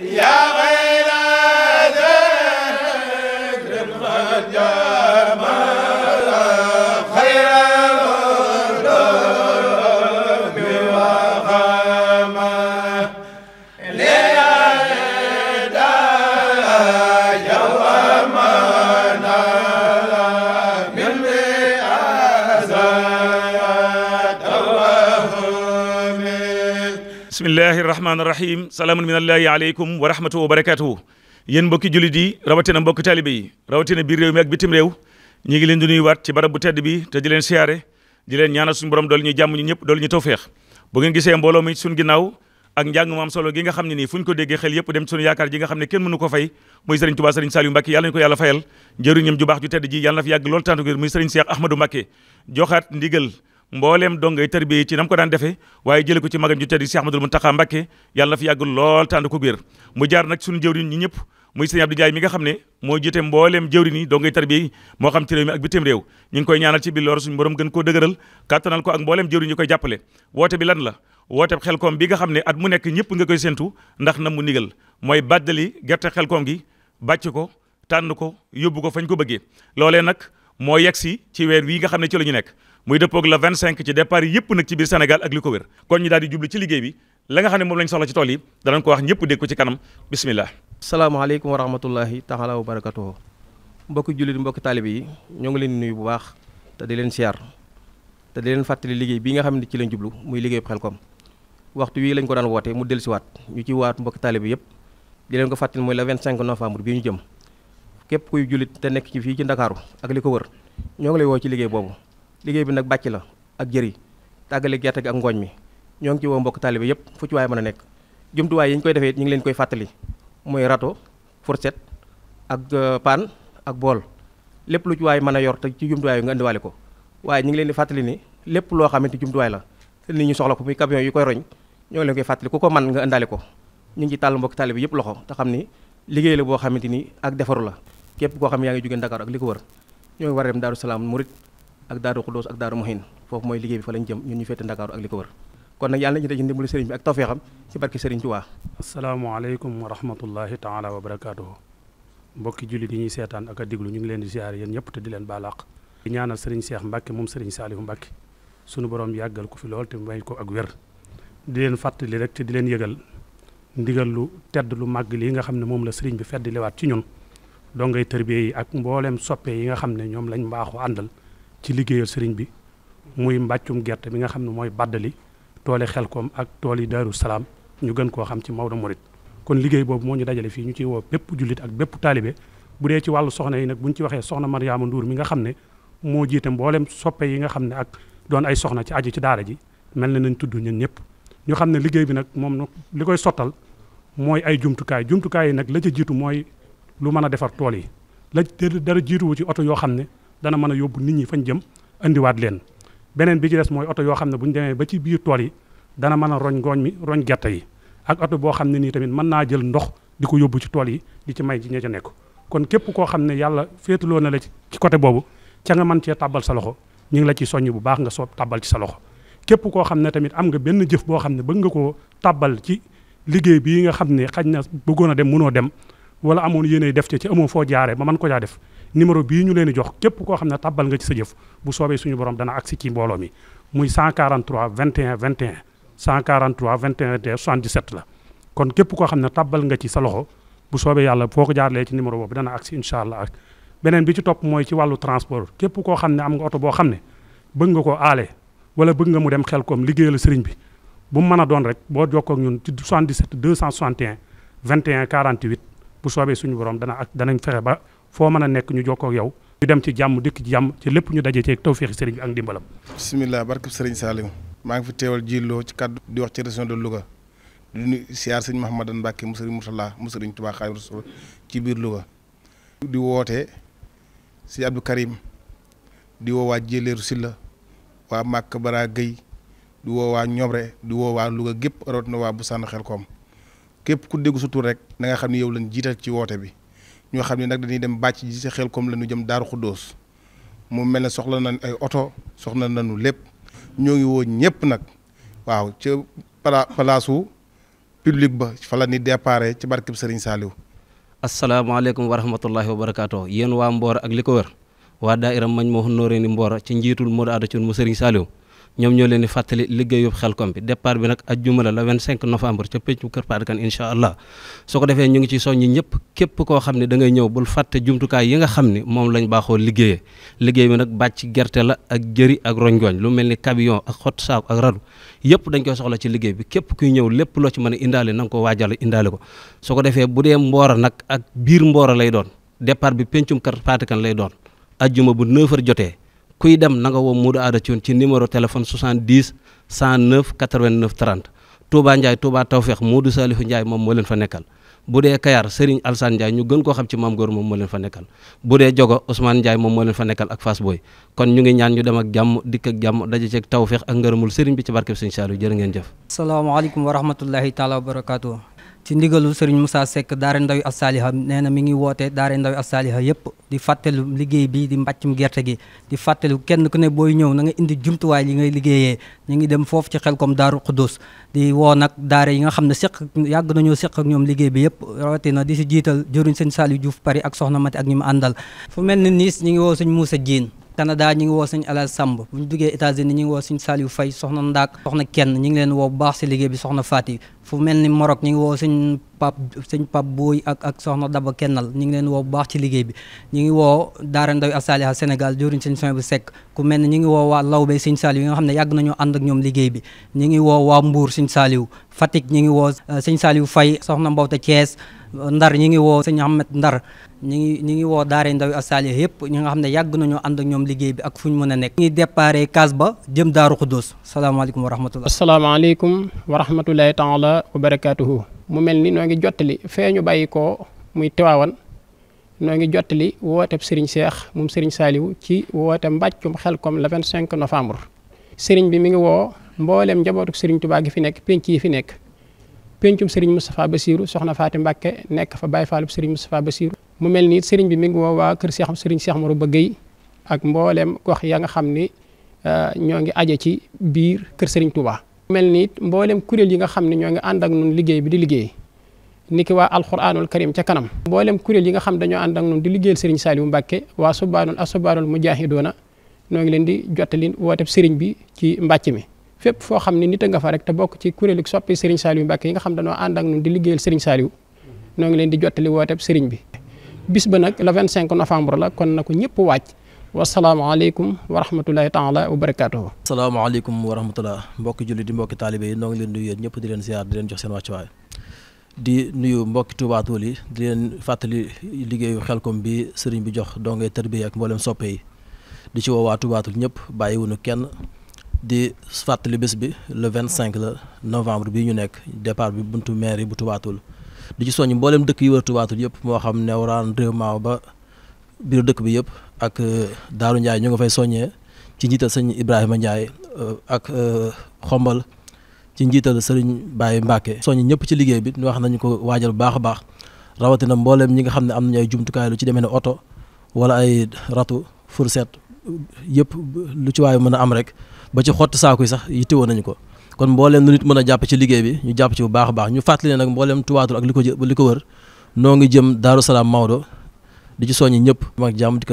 yaa bismillahi rahmaani rahim salaamun minallaahi aleykum wa rahmatuhu wa barakatuhu yéen mbokki jullit yi rawatina mbokki talibe yi rawatina biir réew mi ak bitim réew ñu ngi leen di nuyuwaat ci barab bu tedd bi te di leen siyaare di leen ñaanal suñu borom dool ñu jàmm ñu ñëpp dool ñu tawféex bu ngeen gisee mbooloo mi suñu ginnaaw ak njàng mu am solo gi nga xam ne nii fu ñu ko déggee xel yëpp dem ci sunu yaakaar ji nga xam ne kenn mënu ko fay muy sëriñ Tuubaa sëriñ Saliou Mbacké yàlla ñu ko yàlla fayal lool tàntu muy sëriñ Cheikh Ahmadou mbooleem dongay tarbiya ci nam ko daan defee waaye jële ko ci magam ju tedd Cheikh Ahmadul Muntaxa Mbakke yàlla na fi yàggul lool tànd ko biir mu jaar nag suñu jëwriñ ñi ñëpp muy sëñ Abdou Ndiaye mi nga xam ne moo jiite mbooleem jëwriñ yi dongay tarbiya yi moo xam ci réew mi réew ñu ngi koy ñaanal ci biir loolu suñu borom gën koo dëgëral kàttanal ko ak mbooleem jëwriñ yi bi lan la woote xelkoom bi nga xam ne at mu nekk ñëpp nga koy séntu ndax na mu nigal mooy bàddali gerte xelkoom gi bàcc ko tànn ko yóbbu ko fañ ko bëggee loolee nag moo yegg si ci weer wii nga xam ne ci la ñu nekk muy dëppoog la vingt cinq ci départ yi yëpp nag ci biir Sénégal ak li ko wér kon ñu daal di jublu ci liggéey bi la nga xam ne moom lañ soxla ci tool yi danañ ko wax ñëpp dégg ko ci kanam bismillah salaamaaleykum wa rahmatullahi taala wa barakatuhu mbokki jullit mbokki ñoo ngi leen nuyu bu baax te di leen siyaar te di leen fàttali liggéey bi nga xam ne ci lañ jublu muy liggéey Xelcom waxtu wii lañ ko daan woote mu dellusiwaat ñu ci waat mbokki taalibe yëpp di leen ko fàttali mooy la vingt cinq novembre bii ñu jëm képp kuy jullit te nekk ci fii ci ndakaaru ak li ko wër ñoo ngi lay woo ci liggéey boobu liggéey bi nag bàcc la ak jëri tàggale gerte gi ak ngooñ mi ñoo ngi ci woo mbokk taalibe yépp fu ci waaye mën a nekk jumtuwaay yi ñu koy defee ñu ngi leen koy fàttali mooy râteau fourchette ak euh, paan ak bool lépp lu ci mën a yor te ci jumtuwaay yi nga indiwaale ko waaye ñu ngi leen di fàttali ni lépp loo xamante jumtuwaay la te ñu soxla ko muy camion yu koy roñ ñoo ngi leen koy fàttali ku ko man nga indaale ko ñu ngi ci tàll mbokk taalibe yépp loxo te xam ni liggéey la boo xamante ni ak defaru la képp koo xam ne yaa ngi jógee Dakar ak li ko wër ñoo ngi war a dem Daaru Salaam Murit ak Daaru Xudoos ak Daaru Mohin foofu mooy liggéey bi fa lañ jëm ñun ñu féete Dakar ak li ko wër kon nag yàlla nañu daje ndimbalu sëriñ bi ak tawfeexam ci barke sëriñ wa rahmatullahi taala wa barakaatuhu mbokki ñuy seetaan ak a ñu ngi leen di ziare yéen ñëpp te di leen baalaq di ñaanal sëriñ Seex Mbàkke moom sëriñ Saalihu Mbàkke sunu borom yàggal ko fi lool te may ko ak wér di leen fàttali rek te di leen yëgal ndigal lu tedd lu màgg lii nga xam ne moom la sëriñ bi fedd liwaat ci ñun dongay tërbiye yi ak mbooleem soppe yi nga xam ne ñoom lañ mbaaxu àndal ci liggéeyal sëriñ bi muy mbàccum gerte bi nga xam ne mooy baddali toole koom ak tool yi daaru salaam ñu gën koo xam ci Maodo Mouride kon liggéey boobu moo ñu dajale fii ñu ciy woo bépp jullit ak bépp taalibe bu dee ci wàllu soxna yi nag bu buñ ci waxee soxna Mariama Ndour mi nga xam ne moo jiite mbooleem soppe yi nga xam ne ak doon ay soxna ci aju ci daara ji mel na nañ tudd ñun ñëpp ñu xam ne liggéey bi nag moom li koy sottal mooy ay jumtukaay jumtukaay yi nag la ca jiitu mooy lu mën a defar tool yi la dara jiituwu ci oto yoo xam ne dana mën a yóbbu nit ñi fañ jëm indiwaat leen beneen bi ci des mooy oto yoo xam ne bu ñu demee ba ci biir tool yi dana mën a roñ ngooñ mi roñ gerte yi ak oto boo xam ne nii tamit mën naa jël ndox di ko yóbbu ci tool yi di ci may ci ña ca nekk kon képp koo xam ne yàlla féetuloo na la ci côté boobu ca nga mën cee tàbbal sa loxo ñu ngi la ci soññ bu baax nga soo tàbbal ci sa loxo képp koo xam ne tamit am nga benn jëf boo xam ne bëgg nga koo tàbbal ci liggéey bii nga xam ne xaj na bëggoon a dem mënoo dem wala amoon yéene def ci ci amoo foo jaaree ba man ko caa def numéro bii ñu leen di jox képp koo xam ne tabbal nga ci sa jëf bu soobee suñu borom dana agsi ci mbooloo mi muy 143 21 21 143 21 21 77 la kon képp koo xam ne tabbal nga ci sa loxo bu soobee yàlla foo ko jaarlee ci numéro boobu dana agsi incha allah beneen bi ci topp mooy ci wàllu transport képp koo xam ne am nga oto boo xam ne bëgg nga koo aale wala bëgg nga mu dem xel koom liggéeyal sëriñ bi bu mu mën a doon rek boo jokkoo ak ñun ci 77 261 21 48 bu soobee suñu borom dana ak danañ fexe ba foo mën a nekk ñu jokkoo ak yow ñu dem ci jàmm dëkk ci jàmm ci lépp ñu daje ci tawféexi sëriñ bi ak ndimbalam bisimilah barke sëriñ Saliou maa ngi fi teewal jiloo ci kàddu di wax ci région de Louga di nuyu siyaar sëñ Mahamadan Mbàkke mu sëriñ Murtala mu sëriñ Tuubaa Xaadimu Rasuul ci biir di wootee si Abdou Karim di woowaa Jéeleeru Silla waa Màkk Bara Gueye di woowaa Ñobre di woowaa Louga gépp rawat na waa bu sànn xel koom képp ku dégg sa rek na nga xam ne yow lañ jiital ci woote bi ñoo xam ne nag dañuy dem bàcc ji sa xel comme la ñu jëm Daaru Xuddoos mu mel ne soxla nañ ay oto soxla nañu lépp ñoo ngi woon ñëpp nag waaw ca palaasu public ba fa la ni déparé ci barkeb Serigne Saliou. asalaamaaleykum wa rahmatullahi wa barakaatu yéen waa Mboor ak li ko wër waa daaira Majmahun Nurayni Mboor ci njiitul Modou Adda Thioune mu Serigne saaliw ñoom ñoo leen di fàttali liggéey xelkom bi départ bi nag ajjuma la le 25 novembre ca péncu kër Paarkan incha allah su ko defee ñu ngi ci soññi ñëpp képp koo ne da ngay ñëw fàtte jumtukaay yi nga xam ne moom lañ baaxoo liggéeyee liggéey bi nag bàcc gerte la ak jëri ak rongoñ lu mel ni camion ak xott saako ak radu yëpp dañ koy soxla ci liggéey bi képp kuy ñëw lépp loo ci mën a indaale na ko waajal indaale ko su defee bu dee mboora nag ak biir mboora lay doon départ bi péncum kër Paarkan lay doon ajjuma bu 9h jotee kuy dem na nga woo Modou Ada Thioune ci numéro téléphone 70 109 89 30 Touba Ndiaye Touba Tawfeex Modou Salifou Ndiaye moom moo leen fa nekkal moom moo fa nekkal bu dee Jogo Ousmane Ndiaye moom moo fa nekkal ak Fass Boy kon ñu ngi ñaan ñu dem ak jàmm dikk ak jàmm daje ceeg tawfeex ak ngërëmul Serigne bi ci barkeb Serigne Saliou jërë jëf. asalaamaaleykum wa rahmatullahi taala wa ci ndigalu Serigne Moussa Seck daara ndawi as-saaliha nee na mi ngi woote daara ndawi as-saaliha yëpp di fàttelu liggéey bi di mbàccum gerte gi di fàttelu kenn ku ne booy ñëw na nga indi jumtuwaay yi ngay liggéeyee ñu ngi dem foofu ci xel kom daaru xudus di woo nag daara yi nga xam ne seq yàgg nañoo seq ak ñoom liggéey bi yëpp rawatina di si jiital jëruñ sëñ Saliou Diouf pari ak soxna Mati ak ñi mu àndal fu mel ni niis ñu ngi woo sëñ Moussa Dieng Canada ñi ngi woo sëñ Alal Samb bu ñu duggee États-Unis ñi ngi woo sëñ Saliou Faye soxna Ndaak soxna kenn ñi ngi leen woo bu baax si liggéey bi soxna Fati fu mel ni Maroc ñi ngi woo sëñ Pape sëñ Pape Booy ak ak soxna Daba Kennal ñi ngi leen woo bu baax ci liggéey bi ñi ngi woo Daara Ndaw Asaliha Sénégal joriñ sëñ Soin bu Seck ku mel ni ñi ngi woo waa Lawbe sëñ Saliou yi nga xam ne yàgg nañoo ànd ak ñoom liggéey bi ñi ngi woo waa Mbour sëñ Saliou Fatick ñi ngi woo euh, sëñ Saliou Faye soxna Mbawta Thiès Ndar ñi ngi woo sëñ Ahmed Ndar ñu ngi ñi ngi woo daare ndawi asaliya yëpp ñi nga xam ne yàgg nañoo ànd ak ñoom liggéey bi ak fu ñu mën a nekk nii ngi déparé kaas ba jëm daaru xudóos salaamaaleykum wa rahmatullah asalaamaaleykum wa rahmatulahi taala wa barakaatuhu mu mel ni noo ngi jottali fee ñu bàyyi ko muy tiwaawan noo ngi jottali wooteeb Serigne Cheikh moom Serigne Saliou ci woote mbàccum Xelkom le 25 novembre Serigne bi mu ngi woo mbooleem njabootu Serigne Touba gi fi nekk penc yi fi nekk pencum Serigne Moustapha Bassirou soxna Faati Mbàkke nekk fa Baye Fallou Serigne Moustapha Bassirou mu mel ni sëriñ bi mi ngi woo waa kër Cheikh sëriñ Cheikh Mourou Ba Guèye ak mboolem gox ya nga xam ni euh, ñoo ngi aje ci biir kër sëriñ Touba. mu mel ni mboolem kuréel yi nga xam ne ñoo ngi ànd ak ñun liggéey bi di liggéey niki waa alxuraanul karim ca kanam. mboolem kuréel yi nga xam dañoo ànd ak ñun di liggéeyal sëriñ Saliou Mbacke waa subaanul asubaanul mujaahidoona ñoo ngi leen di woo wooteeb sëriñ bi ci mbàcc mi. fépp foo xam ne nit a nga fa rek te bokk ci kuréelu soppi sëriñ Saliou Mbacke yi nga xam dañoo ànd ak di liggéeyal sëriñ Saliou ñoo ngi leen di jottali wooteeb sëriñ bi bis ba nag le 25 novembre la kon na ko ñëpp wàcc wasalaamaaleykum wa rahmatulahi taala wa barakaatuhu. salaamaaleykum wa rahmatulah mbokki jullit di mbokki taalibe yi noo ngi leen nuyu yéen ñëpp di leen ziar di leen jox seen wàccuwaay di nuyu mbokki Touba Toul yi di leen fàttali liggéeyu xel Xelcom bi sëriñ bi jox dongay tarbiya ak mboolem soppe yi di ci woowaa Touba Toul ñëpp bàyyiwuñu kenn di fàttali bés bi le 25 la novembre bii ñu nekk départ bi buntu mairie bu di ci soññ mboolem dëkk yi wër tubaatul yëpp moo xam Newraan réew maaw ba biiru dëkk bi yëpp ak euh, Daaru Ndiaye ñoo nga fay soññee ci njiital sëñ Ibrahima Ndiaye euh, ak euh, xombal ci njiital sëriñ bàyyi Mbacke soññ ñëpp ci liggéey bi ñu wax nañu ko waajal bu baax a baax rawatina mbooleem ñi nga xam ne am nañu ay jumtukaay lu ci demee ne oto wala ay ratu fourchette yëpp lu ci waaye mën a am rek ba ci xott saaku yi sax yittewoo nañu ko kon mbooleem lu nit mën a jàpp ci liggéey bi ñu jàpp ci bu baax a baax ñu fàttali ne nag mbooleem Touba ak li ko li ko wër noo ngi jëm Daaru Salaam Maodo di ci soññi ñëpp mag jàmm di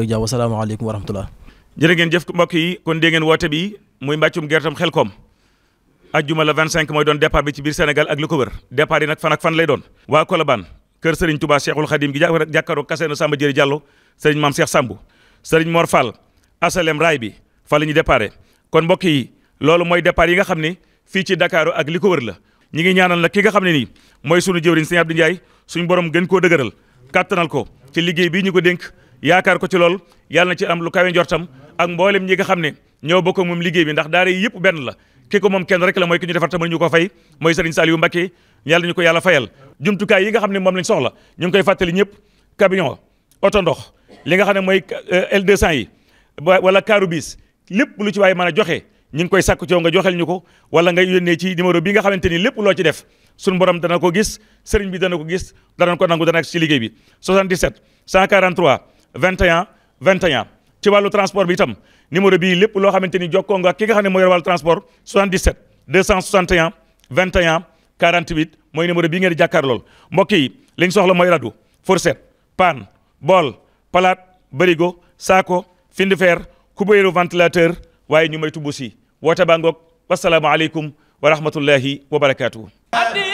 kon dégg yi loolu mooy départ yi nga xam ni fii ci Dakar ak li ko wër la ñi ngi ñaanal nag ki nga xam ne nii mooy sunu jëwriñ sëñ Abdou Ndiaye suñ borom gën koo dëgëral kàttanal ko ci liggéey bi ñu ko dénk yaakaar ko ci lool yàlla na ci am lu kawe njortam ak mboolem ñi nga xam ne ñoo bokk moom liggéey bi ndax daara yi yëpp benn la ki ko moom kenn rek la mooy ki ñu defar tamit ñu ko fay mooy Serigne Saliou Mbacké yàlla ñu ko yàlla fayal jumtukaay yi nga xam ne moom lañ soxla ñu ngi koy fàttali ñëpp camion oto ndox li nga xam ne mooy euh, L200 yi wala kaaru bis lépp lu ci waaye mën a joxe ñu ngi koy sàkku coow nga joxel ñu ko wala nga yónnee ci numéro bi nga xamante ni lépp loo ci def suñu borom dana ko gis sëriñ bi dana ko gis dana ko nangu dana ak ci liggéey bi 77 143 21 21 ci wàllu transport bi itam numéro bii lépp loo xamante ni jokkoo nga ki nga xam ne mooy wàllu transport 77 261 21 48 mooy numéro bii ngeen di jàkkaar lool mbokk yi li ñu soxla mooy radu fourchette paan bool palaat bërigo saako findi feer kubéeru ventilateur waaye ñu may tubbu si woote baa ngoog wasalaamu aleykum wa rahmatullahi